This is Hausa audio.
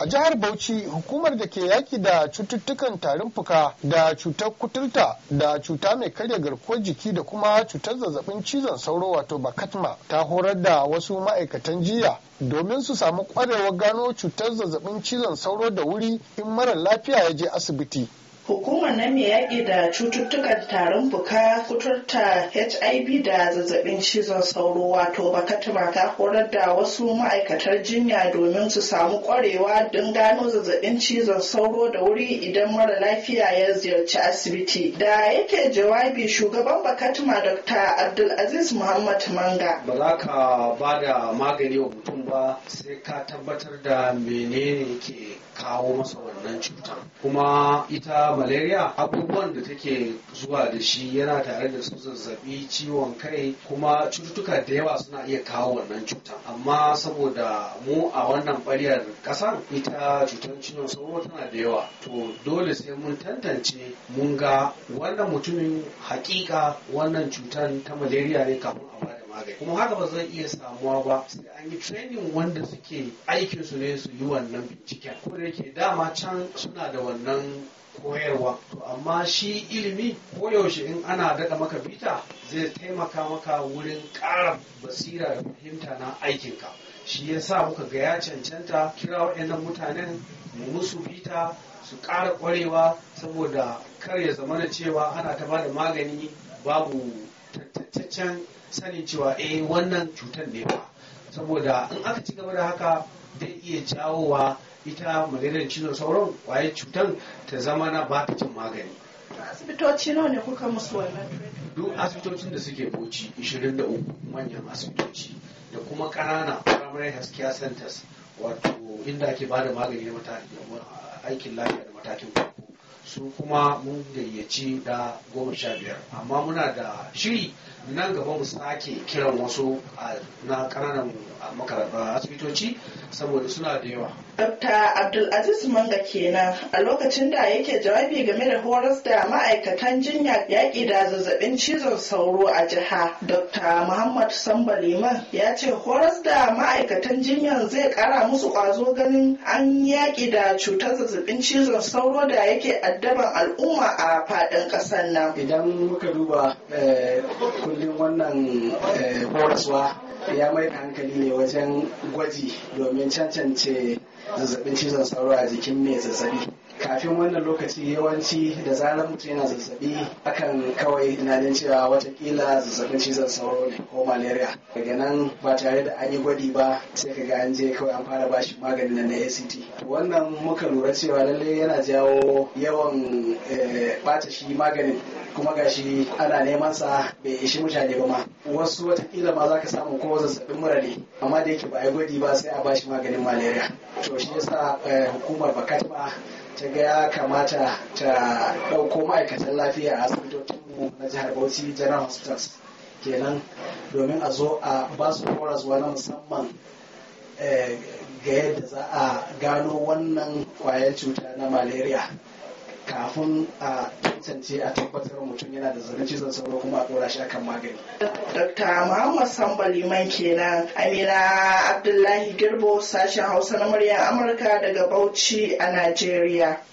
A jihar Bauchi hukumar da ke yaki da cututtukan tarin fuka da cutar kuturta da cuta mai karya garkuwar jiki da kuma cutar zazzabin cizon sauro wato bakatma ta horar da wasu ma'aikatan jiya domin su samu kwarewar gano cutar zazzabin cizon sauro da wuri in mara lafiya ya je asibiti. hukumar nan mai yaƙi da cututtukan tarin fuka kuturta hiv da zazzabin cizon sauro wato bakatima, ta horar da wasu ma'aikatar jinya domin su samu ƙwarewa don gano zazzabin cizon sauro da wuri idan mara lafiya ya ziyarci asibiti da yake jawabi shugaban bakatima dr abdulaziz muhammad manga ba za ka ba da magani wa mutum ba sai ka tabbatar da menene ke kawo masa wannan cutar kuma ita malaria abubuwan da take zuwa da shi yana tare da su zazzabi ciwon kai kuma cututtuka da yawa suna iya kawo wannan cuta amma saboda mu a wannan ɓaryar ƙasa ita cutar ciwon sauro tana da yawa to dole sai mun tantance mun ga wannan mutumin hakika wannan cutar ta malaria ne kafin a bada magani kuma haka ba zai iya samuwa ba sai an yi training wanda suke aikinsu ne su yi wannan binciken ko da yake dama can suna da wannan amma shi ilimi koyaushe in ana daɗa maka bita zai taimaka maka wurin ƙara basira da fahimta na aikinka shi ya sa muka ga cancanta kira waɗannan mutanen mu musu bita su ƙara ƙwarewa saboda kar ya zama na cewa ana ta ba magani babu tattaccen sanin cewa eh wannan cutar ne ba saboda in aka ci gaba da haka zai iya jawowa ita maganar cizon sauran kwayar cutar ta zama na ba cin magani asibitoci nawa ne kuka musu wannan duk asibitocin da suke boci 23 manyan asibitoci da kuma ƙanana primary health care centers wato inda ake ba da magani na aikin lafiya da matakin farko su kuma mun gayyaci da goma sha biyar amma muna da shiri nan gaba mu sake kiran wasu na ƙananan asibitoci saboda suna da yawa. Dr. Abdulaziz Manga kenan a lokacin da yake jawabi game da horas da ma'aikatan jinya yaƙi da zazzabin cizon sauro a jiha. Dr. Muhammad Samba Liman ya ce horas da ma'aikatan jinyar zai ƙara musu ƙwazo ganin an yaƙi da cutar zazzabin cizon sauro da yake addaban al'umma a faɗin ƙasar nan. Idan muka duba eh, kundin wannan eh, horaswa ya mai da hankali ne wajen gwaji domin cancance zazzabin cizon sauro a jikin mai zazzabi kafin wannan lokaci yawanci da zarar mutum yana zazzabi akan kawai tunanin cewa watakila zazzabin cizon sauro ne ko malaria daga nan ba tare da an yi gwadi ba sai ka ga an je kawai an fara bashi magani na act wannan muka lura cewa lallai yana jawo yawan bata eh, shi maganin kuma gashi ana neman sa bai ishi mutane ba ma wasu watakila ma za ka samu ko zazzabin mura ne amma da yake ba a gwadi ba sai a bashi maganin malaria to shi yasa eh, hukumar ba. ta ga ya kamata ta ɗauko ma'aikatan lafiya a asibitocin mu na jihar bauchi general hospitals kenan domin a zo a ba su zuwa na musamman eh, ga yadda za a gano wannan kwayar cuta na malaria kafin a cancance a tabbatar mutum yana da zarin cizon sauro kuma a dora shi akan magani. Dr. Muhammad Sambal Liman kenan Amina Abdullahi Girbo sashen Hausa na muryar Amurka daga Bauchi a Najeriya.